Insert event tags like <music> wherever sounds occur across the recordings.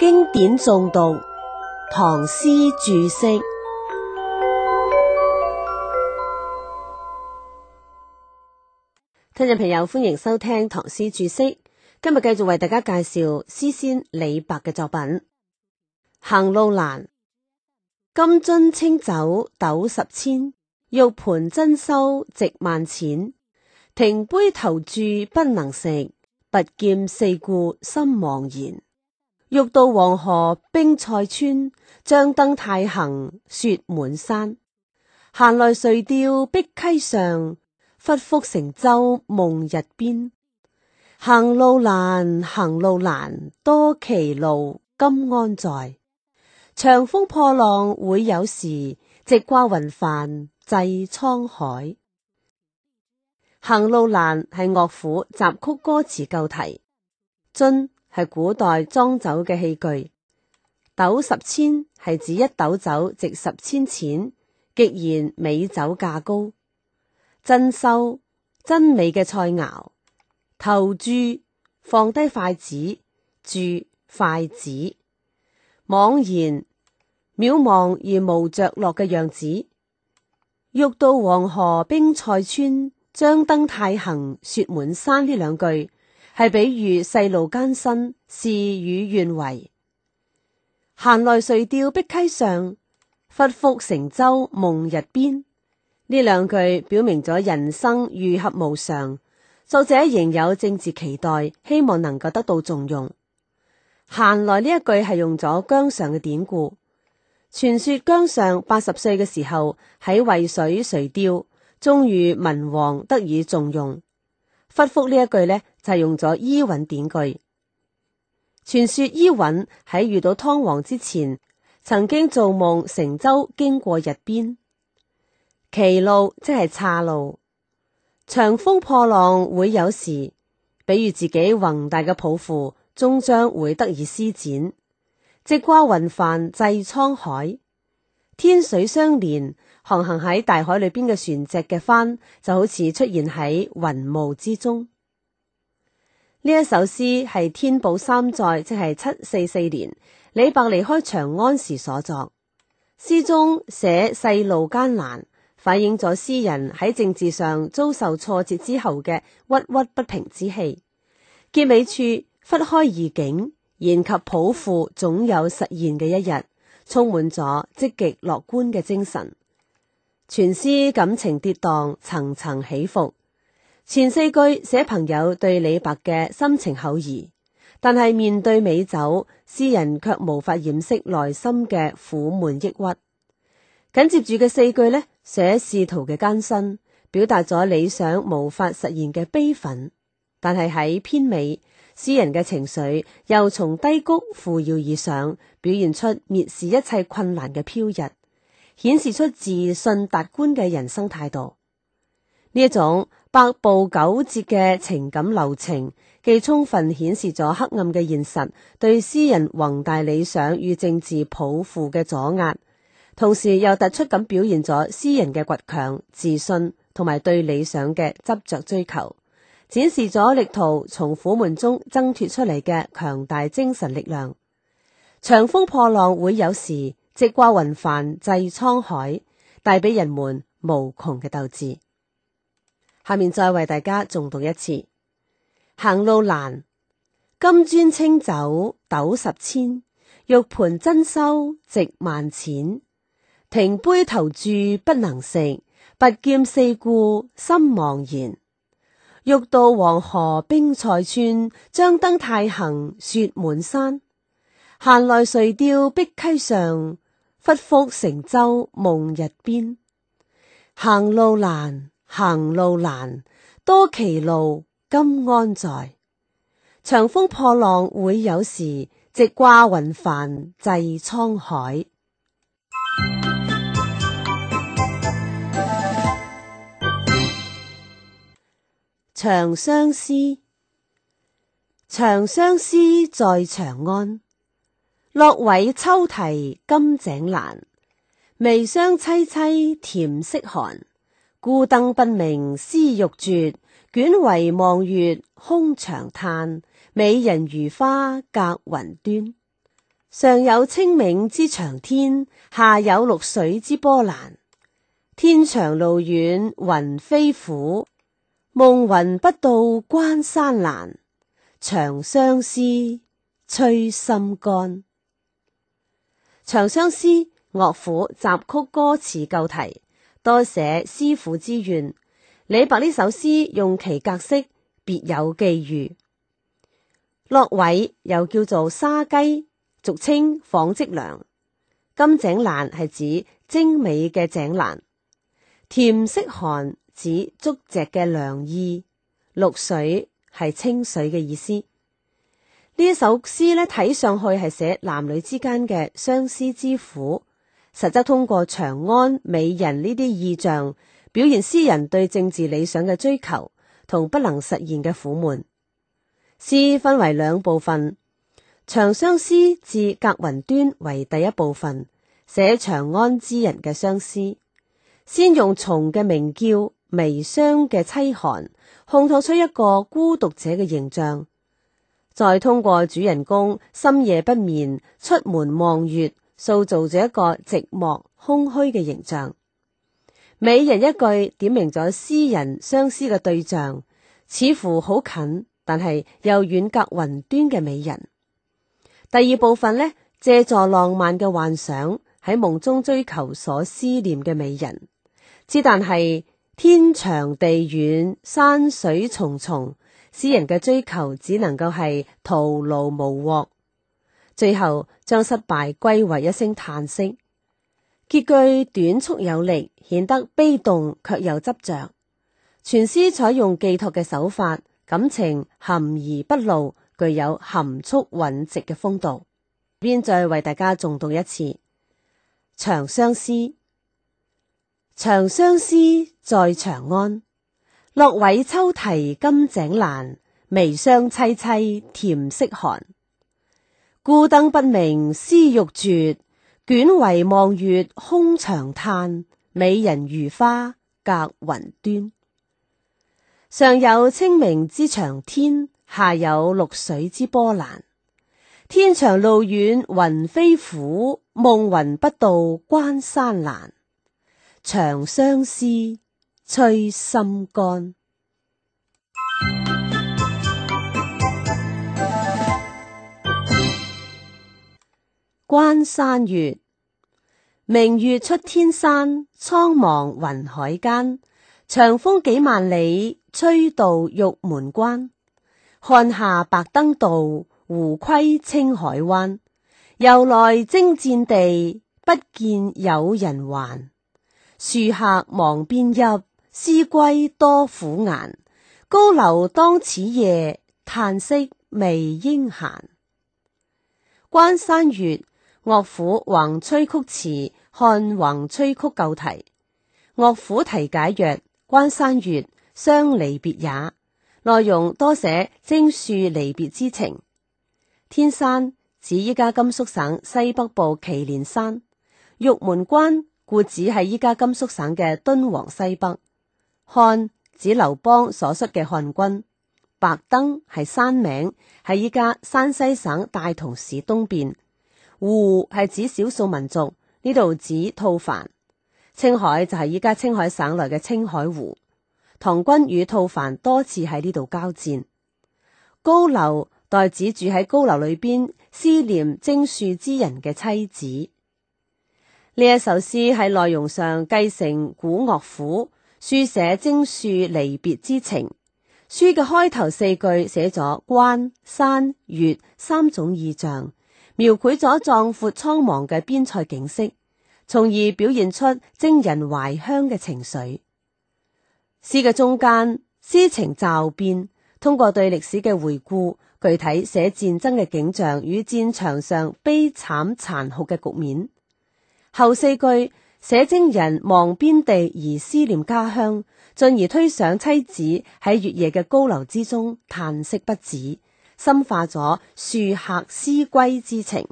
經典誦讀，唐詩注釋。聽眾朋友，歡迎收聽唐詩注釋。今日繼續為大家介紹詩仙李白嘅作品《行路難》。金樽清酒斗十千，玉盤珍羞值萬錢。停杯投箸不能食，拔劍四顧心茫然。欲渡黃河冰塞川，將登太行雪滿山。閒來垂釣碧溪上，忽復乘舟夢日邊。行路難，行路難，多歧路，今安在？長風破浪會有時，直掛雲帆濟滄海。行路難，係樂府雜曲歌詞舊題，晉。係古代裝酒嘅器具，斗十千係指一斗酒值十千錢，極言美酒價高。珍饈真美嘅菜肴，投箸放低筷子，箸筷子。茫然渺茫而無着落嘅樣子。欲渡黃河冰塞川，將登太行雪滿山呢兩句。係比喻世路艱辛，事與願違。閒來垂釣碧溪上，忽復乘舟夢日邊。呢兩句表明咗人生遇合無常，作者仍有政治期待，希望能夠得到重用。閒來呢一句係用咗姜尚嘅典故，傳說姜尚八十歲嘅時候喺渭水垂釣，終於文王得以重用。忽福呢一句咧，就係用咗伊尹典句。傳說伊尹喺遇到湯王之前，曾經造夢乘舟經過日邊，歧路即係岔路，長風破浪會有時，比如自己宏大嘅抱負，終將會得以施展。直掛雲帆濟滄海，天水相連。航行喺大海裏邊嘅船隻嘅帆就好似出現喺雲霧之中。呢一首詩係天寶三載，即係七四四年，李白離開長安時所作。詩中寫世路艱難，反映咗詩人喺政治上遭受挫折之後嘅鬱鬱不平之氣。結尾處忽開異境，言及抱負總有實現嘅一日，充滿咗積極樂觀嘅精神。全詩感情跌宕，層層起伏。前四句寫朋友對李白嘅深情厚誼，但係面對美酒，詩人卻無法掩飾內心嘅苦悶抑鬱。緊接住嘅四句咧，寫仕途嘅艱辛，表達咗理想無法實現嘅悲憤。但係喺篇尾，詩人嘅情緒又從低谷扶搖而上，表現出蔑視一切困難嘅飄逸。顯示出自信達觀嘅人生態度，呢一種百步九折嘅情感流程，既充分顯示咗黑暗嘅現實對詩人宏大理想與政治抱負嘅阻壓，同時又突出咁表現咗詩人嘅倔強自信同埋對理想嘅執着追求，展示咗力圖從苦悶中掙脫出嚟嘅強大精神力量。長風破浪會有時。直掛雲帆濟滄海，帶俾人們無窮嘅鬥志。下面再為大家誦讀一次：行路難，金樽清酒斗十千，玉盤珍羞值萬錢。停杯投箸不能食，拔劍四顧心茫然。欲渡黃河冰塞川，將登太行雪滿山。閒來垂釣碧溪上。不復乘舟夢日邊，行路難，行路難，多歧路，今安在？長風破浪會有時，直掛雲帆濟滄海。 <music> 長相思，長相思，在長安。絡緯秋啼，金井闌，微霜凄凄，甜色寒。孤燈不明，思欲絕。卷帷望月，空長嘆。美人如花隔雲端。上有青冥之長天，下有淥水之波瀾。天長路遠，魂飛苦，夢魂不到關山難。長相思，摧心肝。《長相思》樂府雜曲歌詞舊題，多寫思婦之怨。李白呢首詩用其格式，別有寄寓。絡緯又叫做沙雞，俗稱紡織娘。金井欄係指精美嘅井欄。簟色寒指竹席嘅涼意。綠水係清水嘅意思。.呢一首詩咧，睇上去係寫男女之間嘅相思之苦，實則通過長安美人呢啲意象，表現詩人對政治理想嘅追求同不能實現嘅苦悶。詩分為兩部分，《長相思》至隔雲端為第一部分，寫長安之人嘅相思。先用蟲嘅鳴叫、微霜嘅淒寒，烘托出一個孤獨者嘅形象。再通過主人公深夜不眠、出門望月，塑造咗一個寂寞空虛嘅形象。美人一句點明咗詩人相思嘅對象，似乎好近，但係又遠隔雲端嘅美人。第二部分呢，借助浪漫嘅幻想喺夢中追求所思念嘅美人，只但係天長地遠，山水重重。詩人嘅追求只能夠係徒勞無獲，最後將失敗歸為一聲嘆息。結句短促有力，顯得悲動卻又執着。全詩採用寄託嘅手法，感情含而不露，具有含蓄蘊藉嘅風度。邊再為大家重讀一次《長相思》，長相思在長安。絡緯秋啼，金井闌，微霜凄凄，甜色寒。孤燈不明，思欲絕，卷帷望月，空長嘆。美人如花，隔雲端。上有清明之長天，下有綠水之波瀾。天長路遠，雲飛苦，夢魂不到，關山難。長相思。吹心肝，關山月，明月出天山，蒼茫雲海間。長風幾萬里，吹度玉門關。漢下白登道，胡窺青海灣。由來征戰地，不見有人還。樹客望邊邑。思歸多苦顏，高樓當此夜，嘆息未應閒。關山月，樂府橫吹曲詞，漢橫吹曲舊題。樂府題解曰：關山月，相離別也。內容多寫征戍離別之情。天山指依家甘肅省西北部祁連山，玉門關故址係依家甘肅省嘅敦煌西北。漢指劉邦所率嘅漢軍，白登係山名，係依家山西省大同市東邊。湖係指少數民族，呢度指吐蕃。青海就係依家青海省內嘅青海湖。唐軍與吐蕃多次喺呢度交戰。高樓代指住喺高樓裏邊思念征戍之人嘅妻子。呢一首詩喺內容上繼承古樂府。書寫徵戍離別之情，書嘅開頭四句寫咗關山月三種意象，描繪咗壯闊蒼茫嘅邊塞景色，從而表現出徵人懷鄉嘅情緒。詩嘅中間，詩情驟變，通過對歷史嘅回顧，具體寫戰爭嘅景象與戰場上悲慘殘酷嘅局面。後四句，寫征人望邊地而思念家鄉，進而推想妻子喺月夜嘅高樓之中嘆息不止，深化咗戍客思歸之情。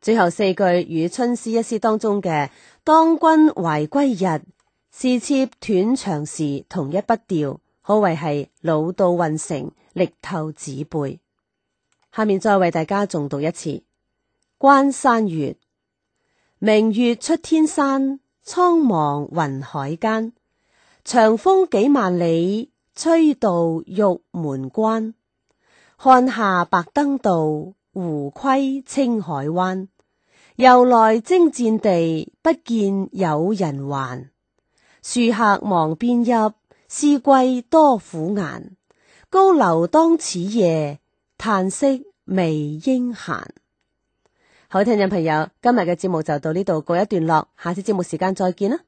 最後四句與《春思》一詩當中嘅“當君懷歸日，是妾斷腸時”同一筆調，可謂係老到運成，力透紙背。下面再為大家誦讀一次《關山月》。明月出天山，蒼茫雲海間。長風幾萬里，吹度玉門關。漢下白登道，胡窺青海灣。由來征戰地，不見有人還。戍客望邊邑，思歸多苦顏。高樓當此夜，嘆息未應閒。好，聽眾朋友，今日嘅節目就到呢度告一段落，下次節目時間再見啦。